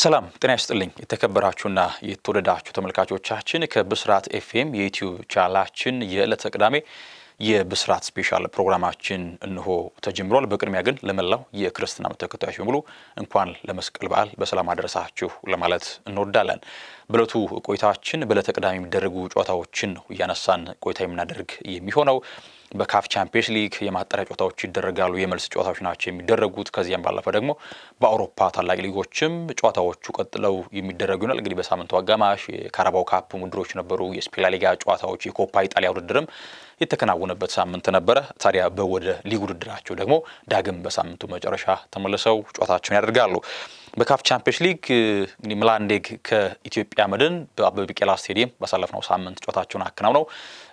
ሰላም ጤና ይስጥልኝ። የተከበራችሁና የተወደዳችሁ ተመልካቾቻችን ከብስራት ኤፍኤም የዩትዩብ ቻላችን የዕለተ ቅዳሜ የብስራት ስፔሻል ፕሮግራማችን እንሆ ተጀምሯል። በቅድሚያ ግን ለመላው የክርስትና እምነት ተከታዮች በሙሉ እንኳን ለመስቀል በዓል በሰላም አደረሳችሁ ለማለት እንወዳለን። በለቱ ቆይታችን በዕለተ ቅዳሜ የሚደረጉ ጨዋታዎችን ነው እያነሳን ቆይታ የምናደርግ የሚሆነው በካፍ ቻምፒየንስ ሊግ የማጣሪያ ጨዋታዎች ይደረጋሉ። የመልስ ጨዋታዎች ናቸው የሚደረጉት። ከዚያም ባለፈ ደግሞ በአውሮፓ ታላቅ ሊጎችም ጨዋታዎቹ ቀጥለው የሚደረጉ ይሆናል። እንግዲህ በሳምንቱ አጋማሽ የካራባው ካፕ ውድድሮች ነበሩ። የስፔላ ሊጋ ጨዋታዎች፣ የኮፓ ኢጣሊያ ውድድርም የተከናወነበት ሳምንት ነበረ። ታዲያ በወደ ሊግ ውድድራቸው ደግሞ ዳግም በሳምንቱ መጨረሻ ተመልሰው ጨዋታቸውን ያደርጋሉ። በካፍ ቻምፒዮንስ ሊግ እንግዲህ ምላንዴግ ከኢትዮጵያ መድን በአበበ ቢቄላ ስቴዲየም ባሳለፍነው ሳምንት ጨዋታቸውን አከናውነው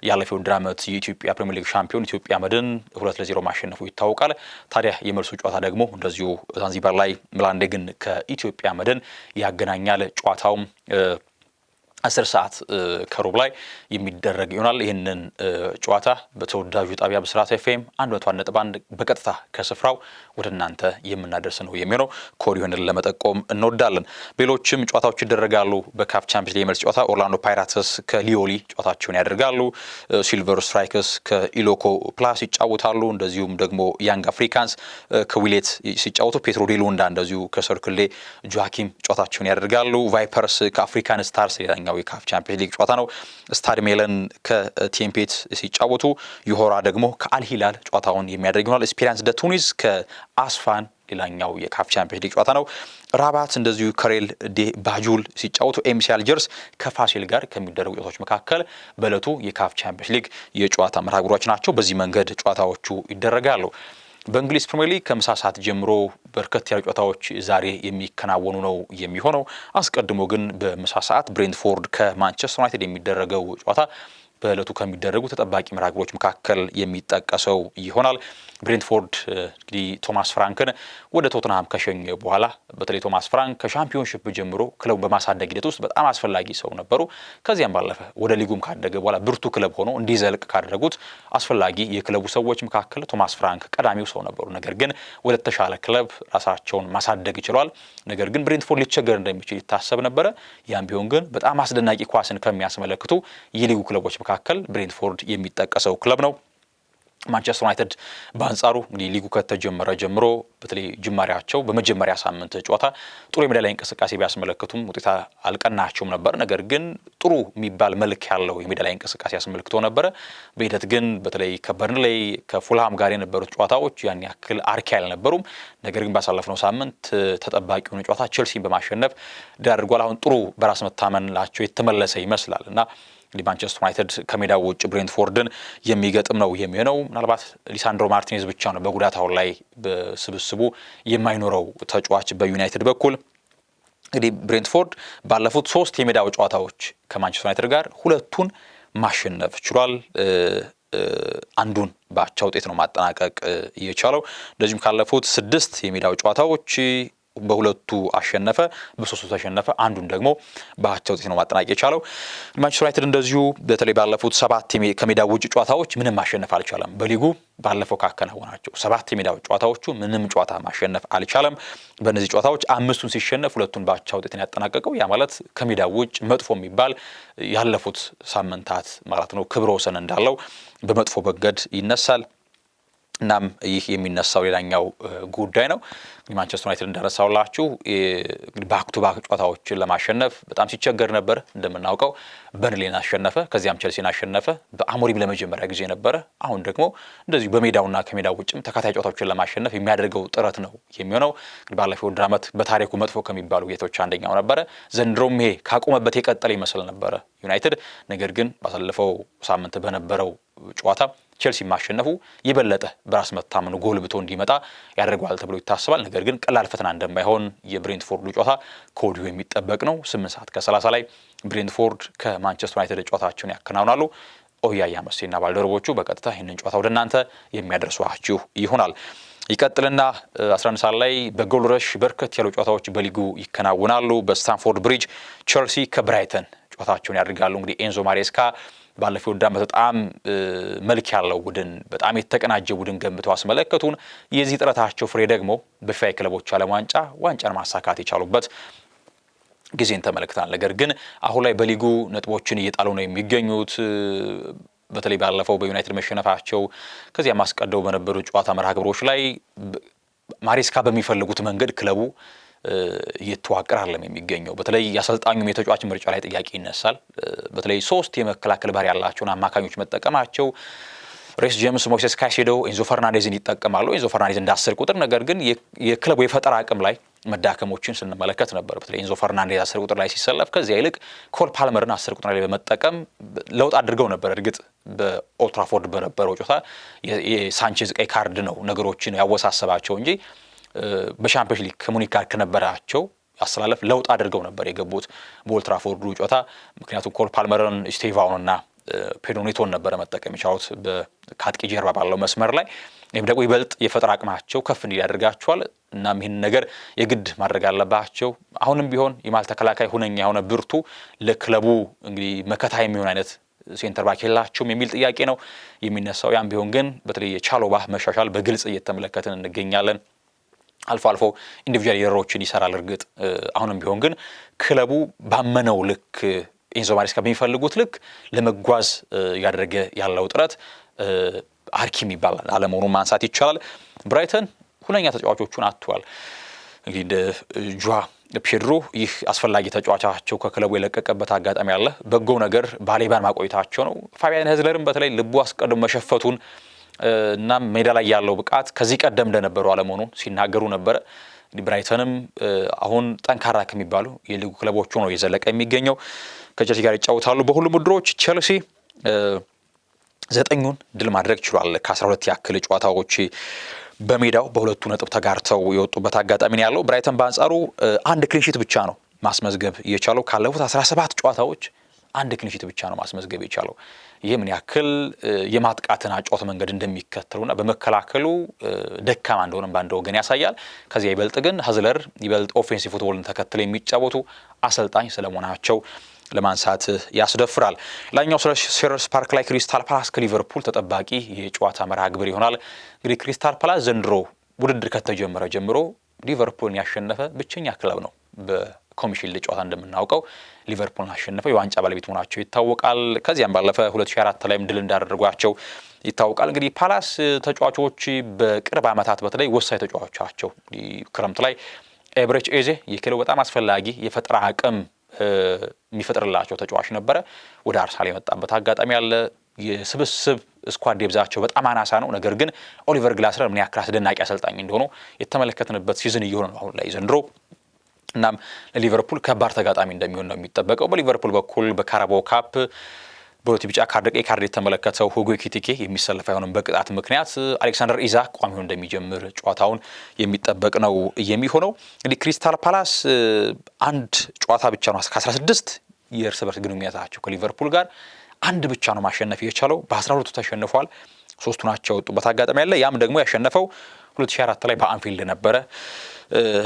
ያለፈው ውድድር ዓመት የኢትዮጵያ ፕሪሚየር ሊግ ሻምፒዮን ኢትዮጵያ መድን ሁለት ለዜሮ ማሸነፉ ይታወቃል። ታዲያ የመልሱ ጨዋታ ደግሞ እንደዚሁ ዛንዚባር ላይ ምላንዴግን ከኢትዮጵያ መድን ያገናኛል። ጨዋታውም አስር ሰዓት ከሩብ ላይ የሚደረግ ይሆናል። ይህንን ጨዋታ በተወዳጁ ጣቢያ ብስራት ኤፍኤም አንድ መቶ አንድ ነጥብ አንድ በቀጥታ ከስፍራው ወደ እናንተ የምናደርስ ነው የሚሆነው። ኮሪሆንን ለመጠቆም እንወዳለን። ሌሎችም ጨዋታዎች ይደረጋሉ። በካፍ ቻምፒዮንስ ሊግ የመልስ ጨዋታ ኦርላንዶ ፓይራትስ ከሊዮሊ ጨዋታቸውን ያደርጋሉ። ሲልቨር ስትራይክስ ከኢሎኮ ፕላስ ይጫወታሉ። እንደዚሁም ደግሞ ያንግ አፍሪካንስ ከዊሌት ሲጫወቱ፣ ፔትሮ ዴሉንዳ እንደዚሁ ከሰርክሌ ጆሃኪም ጨዋታቸውን ያደርጋሉ። ቫይፐርስ ከአፍሪካን ስታርስ ሌላኛው የካፍ ቻምፒዮንስ ሊግ ጨዋታ ነው። ስታድ ሜለን ከቲምፔት ሲጫወቱ፣ ዩሆራ ደግሞ ከአልሂላል ጨዋታውን የሚያደርግ ይሆናል። ስፔራንስ ደ ቱኒስ ከ አስፋን ሌላኛው የካፍ ቻምፒየንስ ሊግ ጨዋታ ነው። ራባት እንደዚሁ ከሬል ዴ ባጁል ሲጫወቱ ኤምሲ አልጀርስ ከፋሲል ጋር ከሚደረጉ ጨዋታዎች መካከል በእለቱ የካፍ ቻምፒየንስ ሊግ የጨዋታ መርሃ ግብሮች ናቸው። በዚህ መንገድ ጨዋታዎቹ ይደረጋሉ። በእንግሊዝ ፕሪምየር ሊግ ከምሳ ሰዓት ጀምሮ በርከት ያሉ ጨዋታዎች ዛሬ የሚከናወኑ ነው የሚሆነው። አስቀድሞ ግን በምሳ ሰዓት ብሬንትፎርድ ከማንቸስተር ዩናይትድ የሚደረገው ጨዋታ በእለቱ ከሚደረጉ ተጠባቂ መርሃግብሮች መካከል የሚጠቀሰው ይሆናል። ብሬንትፎርድ እንግዲህ ቶማስ ፍራንክን ወደ ቶትናሃም ከሸኘ በኋላ በተለይ ቶማስ ፍራንክ ከሻምፒዮንሽፕ ጀምሮ ክለቡ በማሳደግ ሂደት ውስጥ በጣም አስፈላጊ ሰው ነበሩ። ከዚያም ባለፈ ወደ ሊጉም ካደገ በኋላ ብርቱ ክለብ ሆኖ እንዲዘልቅ ካደረጉት አስፈላጊ የክለቡ ሰዎች መካከል ቶማስ ፍራንክ ቀዳሚው ሰው ነበሩ። ነገር ግን ወደ ተሻለ ክለብ ራሳቸውን ማሳደግ ይችሏል። ነገር ግን ብሬንትፎርድ ሊቸገር እንደሚችል ይታሰብ ነበረ። ያም ቢሆን ግን በጣም አስደናቂ ኳስን ከሚያስመለክቱ የሊጉ ክለቦች መካከል ብሬንትፎርድ የሚጠቀሰው ክለብ ነው። ማንቸስተር ዩናይትድ በአንጻሩ እንግዲህ ሊጉ ከተጀመረ ጀምሮ በተለይ ጅማሪያቸው በመጀመሪያ ሳምንት ጨዋታ ጥሩ የሜዳ ላይ እንቅስቃሴ ቢያስመለክቱም ውጤታ አልቀናቸውም ነበር። ነገር ግን ጥሩ የሚባል መልክ ያለው የሜዳ ላይ እንቅስቃሴ ያስመልክቶ ነበረ። በሂደት ግን በተለይ ከበርንሌይ ከፉልሃም ጋር የነበሩት ጨዋታዎች ያን ያክል አርኪ አልነበሩም። ነገር ግን ባሳለፍነው ሳምንት ተጠባቂ የሆነ ጨዋታ ቼልሲን በማሸነፍ ድል አሁን ጥሩ በራስ ላቸው የተመለሰ ይመስላል እና እንግዲህ ማንቸስተር ዩናይትድ ከሜዳው ውጭ ብሬንትፎርድን የሚገጥም ነው የሚሆነው። ምናልባት ሊሳንድሮ ማርቲኔዝ ብቻ ነው በጉዳት አሁን ላይ በስብስቡ የማይኖረው ተጫዋች በዩናይትድ በኩል። እንግዲህ ብሬንትፎርድ ባለፉት ሶስት የሜዳው ጨዋታዎች ከማንቸስተር ዩናይትድ ጋር ሁለቱን ማሸነፍ ችሏል። አንዱን በአቻ ውጤት ነው ማጠናቀቅ የቻለው። እንደዚሁም ካለፉት ስድስት የሜዳው ጨዋታዎች በሁለቱ አሸነፈ፣ በሶስቱ ተሸነፈ። አንዱን ደግሞ በአቻ ውጤት ነው ማጠናቀቅ የቻለው። ማንቸስተር ዩናይትድ እንደዚሁ በተለይ ባለፉት ሰባት ከሜዳ ውጭ ጨዋታዎች ምንም ማሸነፍ አልቻለም። በሊጉ ባለፈው ካከናወናቸው ሰባት የሜዳ ጨዋታዎቹ ምንም ጨዋታ ማሸነፍ አልቻለም። በእነዚህ ጨዋታዎች አምስቱን ሲሸነፍ ሁለቱን በአቻ ውጤት ነው ያጠናቀቀው። ያ ማለት ከሜዳ ውጭ መጥፎ የሚባል ያለፉት ሳምንታት ማለት ነው ክብረ ወሰን እንዳለው በመጥፎ በገድ ይነሳል። እናም ይህ የሚነሳው ሌላኛው ጉዳይ ነው። ማንቸስተር ዩናይትድ እንደረሳውላችሁ ባክ ቱ ባክ ጨዋታዎችን ለማሸነፍ በጣም ሲቸገር ነበር። እንደምናውቀው በርንሌን አሸነፈ፣ ከዚያም ቸልሲን አሸነፈ። በአሞሪም ለመጀመሪያ ጊዜ ነበረ። አሁን ደግሞ እንደዚሁ በሜዳውና ከሜዳው ውጭም ተከታይ ጨዋታዎችን ለማሸነፍ የሚያደርገው ጥረት ነው የሚሆነው። ባለፈው ውድድር ዓመት በታሪኩ መጥፎ ከሚባሉ ጌቶች አንደኛው ነበረ። ዘንድሮም ይሄ ካቆመበት የቀጠለ ይመስል ነበረ ዩናይትድ ነገር ግን ባሳለፈው ሳምንት በነበረው ጨዋታ ቼልሲ ማሸነፉ የበለጠ በራስ መታመኑ ጎልብቶ እንዲመጣ ያደርገዋል ተብሎ ይታሰባል። ነገር ግን ቀላል ፈተና እንደማይሆን የብሬንትፎርዱ ጨዋታ ከወዲሁ የሚጠበቅ ነው። ስምንት ሰዓት ከሰላሳ ላይ ብሬንትፎርድ ከማንቸስተር ዩናይትድ ጨዋታቸውን ያከናውናሉ። ኦያያ መሴና ባልደረቦቹ በቀጥታ ይህንን ጨዋታ ወደ እናንተ የሚያደርሷችሁ ይሆናል። ይቀጥልና 11 ሰዓት ላይ በጎልረሽ በርከት ያሉ ጨዋታዎች በሊጉ ይከናወናሉ። በስታንፎርድ ብሪጅ ቸልሲ ከብራይተን ጨዋታቸውን ያደርጋሉ። እንግዲህ ኤንዞ ማሬስካ ባለፈው ውድድር ዓመት በጣም መልክ ያለው ቡድን በጣም የተቀናጀ ቡድን ገንብተው አስመለከቱን። የዚህ ጥረታቸው ፍሬ ደግሞ በፊፋ የክለቦች ዓለም ዋንጫ ዋንጫን ማሳካት የቻሉበት ጊዜን ተመልክተናል። ነገር ግን አሁን ላይ በሊጉ ነጥቦችን እየጣሉ ነው የሚገኙት። በተለይ ባለፈው በዩናይትድ መሸነፋቸው ከዚያ ማስቀደው በነበሩ ጨዋታ መርሃ ግብሮች ላይ ማሬስካ በሚፈልጉት መንገድ ክለቡ እየተዋቀረ አለም የሚገኘው። በተለይ የአሰልጣኙም የተጫዋች ምርጫ ላይ ጥያቄ ይነሳል። በተለይ ሶስት የመከላከል ባህር ያላቸውን አማካኞች መጠቀማቸው ሬስ ጄምስ፣ ሞይሴስ ካይሴዶ፣ ኤንዞ ፈርናንዴዝን ይጠቀማሉ። ኤንዞ ፈርናንዴዝ እንደ አስር ቁጥር ነገር ግን የክለቡ የፈጠራ አቅም ላይ መዳከሞችን ስንመለከት ነበር። በተለይ ኤንዞ ፈርናንዴዝ አስር ቁጥር ላይ ሲሰለፍ ከዚያ ይልቅ ኮል ፓልመርን አስር ቁጥር ላይ በመጠቀም ለውጥ አድርገው ነበር። እርግጥ በኦልትራፎርድ በነበረው ጨዋታ የሳንቼዝ ቀይ ካርድ ነው ነገሮችን ያወሳሰባቸው እንጂ በሻምፒዮንስ ሊግ ከሙኒክ ጋር ከነበራቸው አስተላለፍ ለውጥ አድርገው ነበር የገቡት በኦልትራፎርዱ ጨዋታ። ምክንያቱም ኮል ፓልመርን ስቴቫውንና ፔዶኔቶን ነበረ መጠቀም የቻሉት ከአጥቂ ጀርባ ባለው መስመር ላይ። ይህም ደግሞ ይበልጥ የፈጠራ አቅማቸው ከፍ እንዲል ያደርጋቸዋል። እናም ይህን ነገር የግድ ማድረግ አለባቸው። አሁንም ቢሆን የማል ተከላካይ ሁነኛ የሆነ ብርቱ ለክለቡ እንግዲህ መከታ የሚሆን አይነት ሴንተር ባክ የላቸውም የሚል ጥያቄ ነው የሚነሳው። ያም ቢሆን ግን በተለይ የቻሎባህ መሻሻል በግልጽ እየተመለከትን እንገኛለን። አልፎ አልፎ ኢንዲቪጁዋል የሮችን ይሰራል። እርግጥ አሁንም ቢሆን ግን ክለቡ ባመነው ልክ ኢንዞ ማሬስካ በሚፈልጉት ልክ ለመጓዝ እያደረገ ያለው ጥረት አርኪ የሚባል አለመሆኑን ማንሳት ይቻላል። ብራይተን ሁነኛ ተጫዋቾቹን አጥቷል። እንግዲህ እንደ ጁዋ ፔድሮ ይህ አስፈላጊ ተጫዋቻቸው ከክለቡ የለቀቀበት አጋጣሚ አለ። በጎው ነገር ባሌባን ማቆየታቸው ነው። ፋቢያን ሄዝለርም በተለይ ልቡ አስቀድሞ መሸፈቱን እና ሜዳ ላይ ያለው ብቃት ከዚህ ቀደም እንደነበሩ አለመሆኑን ሲናገሩ ነበረ። ብራይተንም አሁን ጠንካራ ከሚባሉ የሊጉ ክለቦቹ ነው እየዘለቀ የሚገኘው። ከቼልሲ ጋር ይጫወታሉ በሁሉም ውድድሮች ቼልሲ ዘጠኙን ድል ማድረግ ችሏል። ከ ከ12 ያክል ጨዋታዎች በሜዳው በሁለቱ ነጥብ ተጋርተው የወጡበት አጋጣሚ ነው ያለው። ብራይተን በአንጻሩ አንድ ክሊንሺት ብቻ ነው ማስመዝገብ የቻለው ካለፉት 17 ጨዋታዎች አንድ ክሊንሺት ብቻ ነው ማስመዝገብ የቻለው። ይህ ምን ያክል የማጥቃትን አጮት መንገድ እንደሚከተሉና በመከላከሉ ደካማ እንደሆነም በአንድ ወገን ያሳያል። ከዚያ ይበልጥ ግን ሀዝለር ይበልጥ ኦፌንሲቭ ፉትቦልን ተከትለው የሚጫወቱ አሰልጣኝ ስለመሆናቸው ለማንሳት ያስደፍራል። ላኛው ስለ ሴረርስ ፓርክ ላይ ክሪስታል ፓላስ ከሊቨርፑል ተጠባቂ የጨዋታ መርሃ ግብር ይሆናል። እንግዲህ ክሪስታል ፓላስ ዘንድሮ ውድድር ከተጀመረ ጀምሮ ሊቨርፑልን ያሸነፈ ብቸኛ ክለብ ነው ኮሚሽን ጨዋታ እንደምናውቀው ሊቨርፑልን አሸንፈው የዋንጫ ባለቤት መሆናቸው ይታወቃል። ከዚያም ባለፈ 2004 ላይም ድል እንዳደረጓቸው ይታወቃል። እንግዲህ ፓላስ ተጫዋቾች በቅርብ ዓመታት በተለይ ወሳኝ ተጫዋቾቻቸው ክረምት ላይ ኤብሬች ኤዜ የክለው በጣም አስፈላጊ የፈጠራ አቅም የሚፈጥርላቸው ተጫዋች ነበረ። ወደ አርሰናል የመጣበት አጋጣሚ አለ። የስብስብ ስኳድ የብዛቸው በጣም አናሳ ነው። ነገር ግን ኦሊቨር ግላስነር ምን ያክል አስደናቂ አሰልጣኝ እንደሆኑ የተመለከትንበት ሲዝን እየሆነ ነው አሁን ላይ ዘንድሮ እናም ለሊቨርፑል ከባድ ተጋጣሚ እንደሚሆን ነው የሚጠበቀው። በሊቨርፑል በኩል በካራባው ካፕ በሁለት ቢጫ ካርድ ቀይ ካርድ የተመለከተው ሁጎ ኪቲኬ የሚሰለፍ አይሆንም በቅጣት ምክንያት። አሌክሳንደር ኢዛ ቋሚ እንደሚጀምር ጨዋታውን የሚጠበቅ ነው የሚሆነው። እንግዲህ ክሪስታል ፓላስ አንድ ጨዋታ ብቻ ነው ከ16 የእርስ በርስ ግንኙነታቸው ከሊቨርፑል ጋር አንድ ብቻ ነው ማሸነፍ የቻለው። በ12ቱ ተሸንፏል። ሶስቱ ናቸው የወጡበት አጋጣሚ ያለ። ያም ደግሞ ያሸነፈው 2004 ላይ በአንፊልድ ነበረ።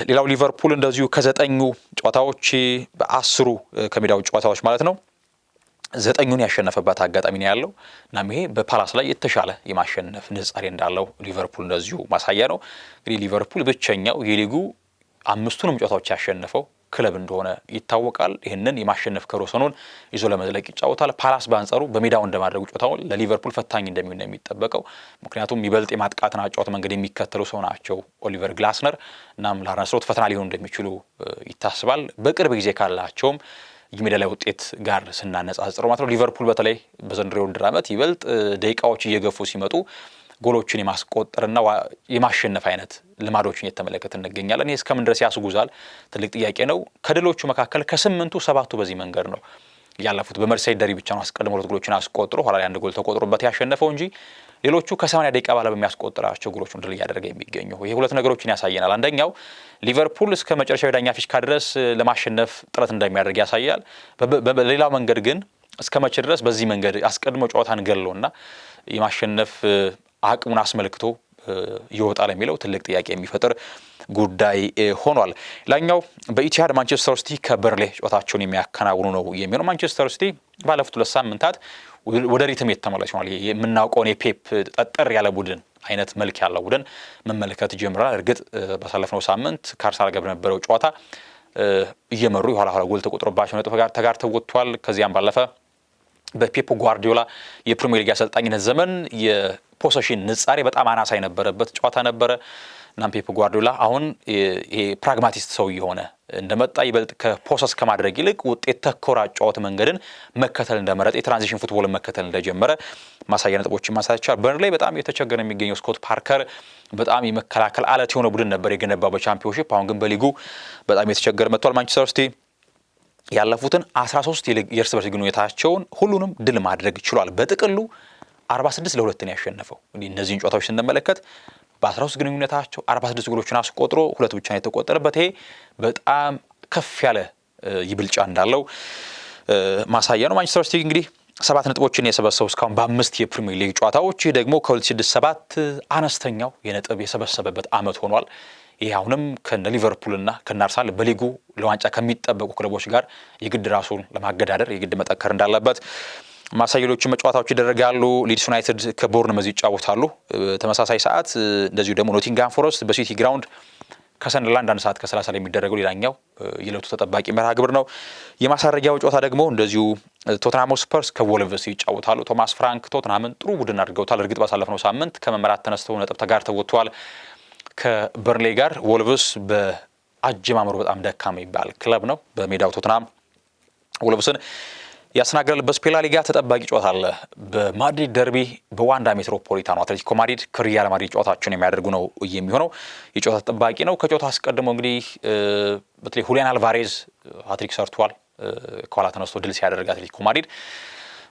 ሌላው ሊቨርፑል እንደዚሁ ከዘጠኙ ጨዋታዎች በአስሩ ከሜዳ ጨዋታዎች ማለት ነው ዘጠኙን ያሸነፈበት አጋጣሚ ነው ያለው። እናም ይሄ በፓላስ ላይ የተሻለ የማሸነፍ ንጻሬ እንዳለው ሊቨርፑል እንደዚሁ ማሳያ ነው። እንግዲህ ሊቨርፑል ብቸኛው የሊጉ አምስቱንም ጨዋታዎች ያሸነፈው ክለብ እንደሆነ ይታወቃል። ይህንን የማሸነፍ ከሮሰኑን ይዞ ለመዝለቅ ይጫወታል። ፓላስ በአንጻሩ በሜዳው እንደማድረጉ ጨዋታው ለሊቨርፑል ፈታኝ እንደሚሆን ነው የሚጠበቀው። ምክንያቱም ይበልጥ የማጥቃትና ጨዋት መንገድ የሚከተሉ ሰው ናቸው ኦሊቨር ግላስነር። እናም ለአርነ ስሎት ፈተና ሊሆኑ እንደሚችሉ ይታስባል። በቅርብ ጊዜ ካላቸውም የሜዳ ላይ ውጤት ጋር ስናነጻጽረው ማለት ነው ሊቨርፑል በተለይ በዘንድሮ የውድድር ዓመት ይበልጥ ደቂቃዎች እየገፉ ሲመጡ ጎሎችን የማስቆጠርና የማሸነፍ አይነት ልማዶችን እየተመለከት እንገኛለን። ይህ እስከምን ድረስ ያስጉዛል ትልቅ ጥያቄ ነው። ከድሎቹ መካከል ከስምንቱ ሰባቱ በዚህ መንገድ ነው ያለፉት። በመርሴይ ደሪ ብቻ ነው አስቀድሞ ሁለት ጎሎችን አስቆጥሮ ኋላ ላይ አንድ ጎል ተቆጥሮበት ያሸነፈው እንጂ ሌሎቹ ከ ደቂቃ በኋላ በሚያስቆጥራቸው ጎሎች ድል እያደረገ የሚገኙ ይህ ሁለት ነገሮችን ያሳየናል። አንደኛው ሊቨርፑል እስከ መጨረሻ የዳኛ ፊሽካ ድረስ ለማሸነፍ ጥረት እንደሚያደርግ ያሳያል። በሌላው መንገድ ግን እስከ መቼ ድረስ በዚህ መንገድ አስቀድሞ ጨዋታን ገሎና የማሸነፍ አቅሙን አስመልክቶ ይወጣል የሚለው ትልቅ ጥያቄ የሚፈጥር ጉዳይ ሆኗል። ላኛው በኢቲሃድ ማንቸስተር ሲቲ ከበርሌ ጨዋታቸውን የሚያከናውኑ ነው የሚሆነው። ማንቸስተር ሲቲ ባለፉት ሁለት ሳምንታት ወደ ሪትም የተመለስ ይሆናል። የምናውቀውን የፔፕ ጠጠር ያለ ቡድን አይነት መልክ ያለው ቡድን መመልከት ጀምራል። እርግጥ ባሳለፍነው ሳምንት ከአርሰናል ጋር በነበረው ጨዋታ እየመሩ የኋላ ኋላ ጎል ተቆጥሮባቸው ነጥብ ጋር ተጋር ተወጥቷል። ከዚያም ባለፈ በፔፕ ጓርዲዮላ የፕሪሚየር ሊግ አሰልጣኝነት ዘመን የፖሰሽን ንጻሬ በጣም አናሳ የነበረበት ጨዋታ ነበረ። እናም ፔፕ ጓርዲዮላ አሁን ይሄ ፕራግማቲስት ሰው እየሆነ እንደመጣ ይበልጥ ከፖሰስ ከማድረግ ይልቅ ውጤት ተኮር አጨዋወት መንገድን መከተል እንደመረጠ የትራንዚሽን ፉትቦልን መከተል እንደጀመረ ማሳያ ነጥቦችን ማንሳት ይቻላል። ላይ በጣም የተቸገረ የሚገኘው ስኮት ፓርከር በጣም የመከላከል አለት የሆነ ቡድን ነበር የገነባው በቻምፒዮንሺፕ። አሁን ግን በሊጉ በጣም የተቸገረ መጥቷል። ማንቸስተር ሲቲ ያለፉትን 13 የእርስ በርስ ግንኙነታቸውን ሁሉንም ድል ማድረግ ችሏል። በጥቅሉ 46 ለሁለት ነው ያሸነፈው። እንግዲህ እነዚህን ጨዋታዎች ስንመለከት በ13 ግንኙነታቸው 46 ጎሎችን አስቆጥሮ ሁለት ብቻ ነው የተቆጠረበት። ይሄ በጣም ከፍ ያለ ይብልጫ እንዳለው ማሳያ ነው። ማንቸስተር ሲቲ እንግዲህ ሰባት ነጥቦችን የሰበሰቡ እስካሁን በአምስት የፕሪሚየር ሊግ ጨዋታዎች ይህ ደግሞ ከ2067 አነስተኛው የነጥብ የሰበሰበበት አመት ሆኗል። ይህ አሁንም ከነ ሊቨርፑልና ከነ አርሰናል በሊጉ ለዋንጫ ከሚጠበቁ ክለቦች ጋር የግድ ራሱን ለማገዳደር የግድ መጠከር እንዳለበት ማሳየሎቹ መጫወታዎች ይደረጋሉ። ሊድስ ዩናይትድ ከቦርን ከቦርንመዝ ይጫወታሉ ተመሳሳይ ሰዓት። እንደዚሁ ደግሞ ኖቲንጋም ፎረስት በሲቲ ግራውንድ ከሰንደርላንድ አንድ ሰዓት ከሰላሳ ላይ የሚደረገው ሌላኛው የለቱ ተጠባቂ መርሃ ግብር ነው። የማሳረጊያው ጨዋታ ደግሞ እንደዚሁ ቶትናም ስፐርስ ከወልቭስ ይጫወታሉ። ቶማስ ፍራንክ ቶትናምን ጥሩ ቡድን አድርገውታል። እርግጥ ባሳለፍነው ሳምንት ከመመራት ተነስተው ነጥብ ተጋር ተወጥተዋል ከበርንሌ ጋር። ወልቭስ በአጀማመሩ በጣም ደካማ ይባል ክለብ ነው። በሜዳው ቶትናም ወልቭስን ያስተናገደልበት ሊጋ ተጠባቂ ጨዋታ አለ። በማድሪድ ደርቢ በዋንዳ ሜትሮፖሊታኖ አትሌቲኮ ማድሪድ ከሪያል ማድሪድ ጨዋታቸውን የሚያደርጉ ነው የሚሆነው። የጨዋታ ተጠባቂ ነው። ከጨዋታ አስቀድሞ እንግዲህ በተለይ ሁሊያን አልቫሬዝ ሀትሪክ ሰርቷል። ከኋላ ተነስቶ ድል ሲያደርግ አትሌቲኮ ማድሪድ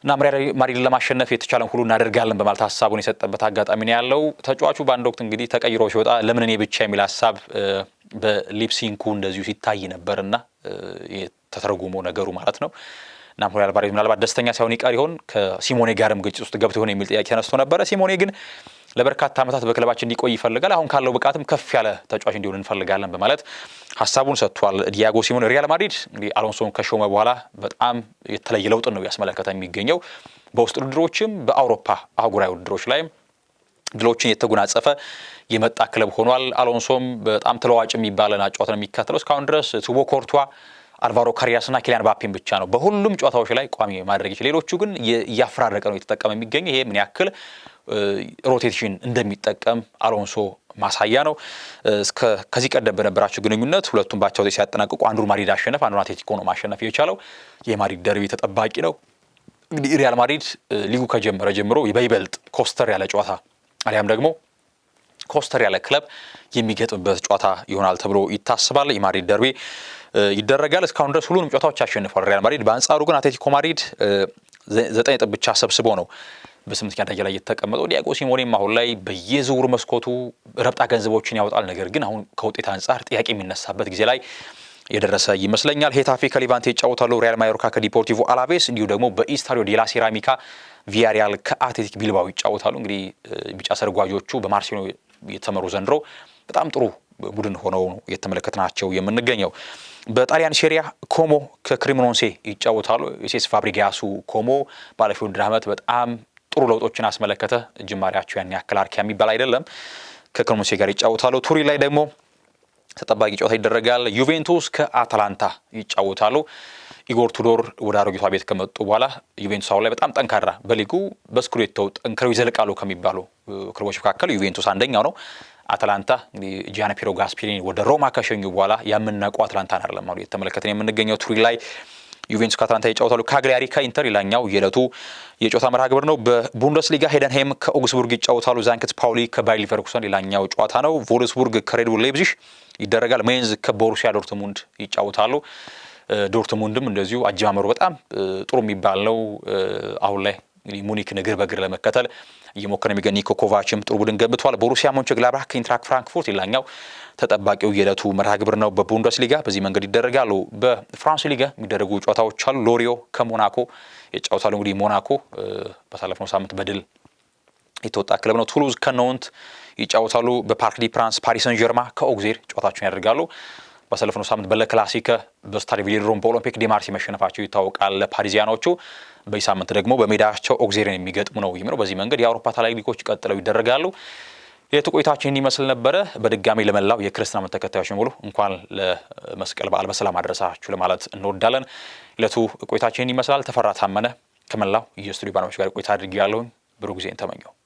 እና ማድሪድን ለማሸነፍ የተቻለን ሁሉ እናደርጋለን በማለት ሀሳቡን የሰጠበት አጋጣሚ ነው ያለው። ተጫዋቹ በአንድ ወቅት እንግዲህ ተቀይሮ ሲወጣ ለምን እኔ ብቻ የሚል ሀሳብ በሊፕሲንኩ እንደዚሁ ሲታይ ነበርና ተተርጉሞ ነገሩ ማለት ነው ናፖሊ አልቫሬዝ ምናልባት ደስተኛ ሳይሆን ይቀር ይሆን ከሲሞኔ ጋርም ግጭት ውስጥ ገብቶ ይሆን የሚል ጥያቄ ተነስቶ ነበረ። ሲሞኔ ግን ለበርካታ ዓመታት በክለባችን እንዲቆይ ይፈልጋል። አሁን ካለው ብቃትም ከፍ ያለ ተጫዋች እንዲሆን እንፈልጋለን በማለት ሀሳቡን ሰጥቷል። ዲያጎ ሲሞኔ ሪያል ማድሪድ እንግዲህ አሎንሶን ከሾመ በኋላ በጣም የተለየ ለውጥን ነው ያስመለከተ የሚገኘው በውስጥ ውድድሮችም በአውሮፓ አህጉራዊ ውድድሮች ላይም ድሎችን የተጎናጸፈ የመጣ ክለብ ሆኗል። አሎንሶም በጣም ተለዋጭ የሚባለን አጫዋት ነው የሚከተለው እስካሁን ድረስ ቱቦ ኮርቷ አልቫሮ ካሪያስና ኪሊያን ባፔን ብቻ ነው በሁሉም ጨዋታዎች ላይ ቋሚ ማድረግ ይችል። ሌሎቹ ግን እያፈራረቀ ነው የተጠቀመ የሚገኘ ይሄ ምን ያክል ሮቴሽን እንደሚጠቀም አሎንሶ ማሳያ ነው። ከዚህ ቀደም በነበራቸው ግንኙነት ሁለቱም በአቻ ውጤት ሲያጠናቅቁ አንዱን ማድሪድ አሸነፍ፣ አንዱን አትሌቲኮ ነው ማሸነፍ የቻለው። የማድሪድ ደርቢ ተጠባቂ ነው። እንግዲህ ሪያል ማድሪድ ሊጉ ከጀመረ ጀምሮ በይበልጥ ኮስተር ያለ ጨዋታ አሊያም ደግሞ ኮስተር ያለ ክለብ የሚገጥምበት ጨዋታ ይሆናል ተብሎ ይታስባል። የማድሪድ ደርቢ ይደረጋል። እስካሁን ድረስ ሁሉንም ጨዋታዎች ያሸንፏል ሪያል ማድሪድ። በአንጻሩ ግን አትሌቲኮ ማድሪድ ዘጠኝ ነጥብ ብቻ ሰብስቦ ነው በስምንተኛ ደረጃ ላይ የተቀመጠው። ዲያጎ ሲሞኔም አሁን ላይ በየዝውውር መስኮቱ ረብጣ ገንዘቦችን ያወጣል። ነገር ግን አሁን ከውጤት አንጻር ጥያቄ የሚነሳበት ጊዜ ላይ የደረሰ ይመስለኛል። ሄታፌ ከሊቫንቴ ይጫወታሉ። ሪያል ማዮርካ ከዲፖርቲቮ አላቬስ እንዲሁ ደግሞ በኢስታዲዮ ዴላ ሴራሚካ ቪያሪያል ከአትሌቲክ ቢልባው ይጫወታሉ። እንግዲህ ቢጫ ሰርጓጆቹ በማርሴሎ የተመሩ ዘንድሮ በጣም ጥሩ ቡድን ሆነው የተመለከትናቸው የምንገኘው። በጣሊያን ሴሪያ ኮሞ ከክሪሞኔሴ ይጫወታሉ። ዮሴስ ፋብሪጋሱ ኮሞ ባለፈው ውድድር ዓመት በጣም ጥሩ ለውጦችን አስመለከተ። ጅማሪያቸው ያን ያክል አርኪ የሚባል አይደለም። ከክሪሞኔሴ ጋር ይጫወታሉ። ቱሪን ላይ ደግሞ ተጠባቂ ጨዋታ ይደረጋል። ዩቬንቱስ ከአታላንታ ይጫወታሉ። ኢጎር ቱዶር ወደ አሮጊቷ ቤት ከመጡ በኋላ ዩቬንቱስ አሁን ላይ በጣም ጠንካራ በሊጉ በስኩዴቶው ጠንክረው ይዘልቃሉ ከሚባሉ ክለቦች መካከል ዩቬንቱስ አንደኛው ነው። አትላንታ እንግዲህ ጃን ፒሮ ጋስፔሪኒ ወደ ሮማ ከሸኙ በኋላ የምናውቀው አትላንታን አይደለም አሉ የተመለከትን የምንገኘው ቱሪ ላይ ዩቬንቱስ ከአትላንታ ይጫወታሉ። ካግሊያሪ ከኢንተር ሌላኛው የዕለቱ የጨዋታ መርሃ ግብር ነው። በቡንደስሊጋ ሄደንሄም ከኦግስቡርግ ይጫወታሉ። ዛንክት ፓውሊ ከባየር ሊቨርኩሰን ሌላኛው ጨዋታ ነው። ቮልስቡርግ ከሬድ ሌብዚሽ ይደረጋል። ሜንዝ ከቦሩሲያ ዶርትሙንድ ይጫወታሉ። ዶርትሙንድም እንደዚሁ አጀማመሩ በጣም ጥሩ የሚባል ነው። አሁን ላይ እንግዲህ ሙኒክን እግር በእግር ለመከተል እየሞከረ የሚገኝ ኒኮ ኮቫችም ጥሩ ቡድን ገንብቷል። ቦሩሲያ ሞንቸግላድባክ ከኢንትራክ ፍራንክፉርት ሌላኛው ተጠባቂው የዕለቱ መርሃ ግብር ነው። በቡንደስ ሊጋ በዚህ መንገድ ይደረጋሉ። በፍራንስ ሊጋ የሚደረጉ ጨዋታዎች አሉ። ሎሪዮ ከሞናኮ ይጫወታሉ። እንግዲህ ሞናኮ ባሳለፍነው ሳምንት በድል የተወጣ ክለብ ነው። ቱሉዝ ከነውንት ይጫወታሉ። በፓርክ ዲ ፕራንስ ፓሪሰን ጀርማ ከኦግዜር ጨዋታቸውን ያደርጋሉ። ባሳለፍነው ሳምንት በለክላሲከ በስታዲዮ ዲ ሮም በኦሎምፒክ ዲማርሲ መሸነፋቸው ይታወቃል። ለፓሪዚያኖቹ በዚህ ሳምንት ደግሞ በሜዳቸው ኦግዜርን የሚገጥሙ ነው። የሚለው በዚህ መንገድ የአውሮፓ ታላቅ ሊጎች ቀጥለው ይደረጋሉ። የቱ ቆይታችን ይመስል ነበረ። በድጋሚ ለመላው የክርስትና እምነት ተከታዮች ሙሉ እንኳን ለመስቀል በዓል በሰላም አድረሳችሁ ለማለት እንወዳለን። ለቱ ቆይታችን ይመስላል። ተፈራ ታመነ ከመላው የስቱዲዮ ባለሙያዎች ጋር ቆይታ አድርጌ ያለሁኝ ብሩ ጊዜን ተመኘው።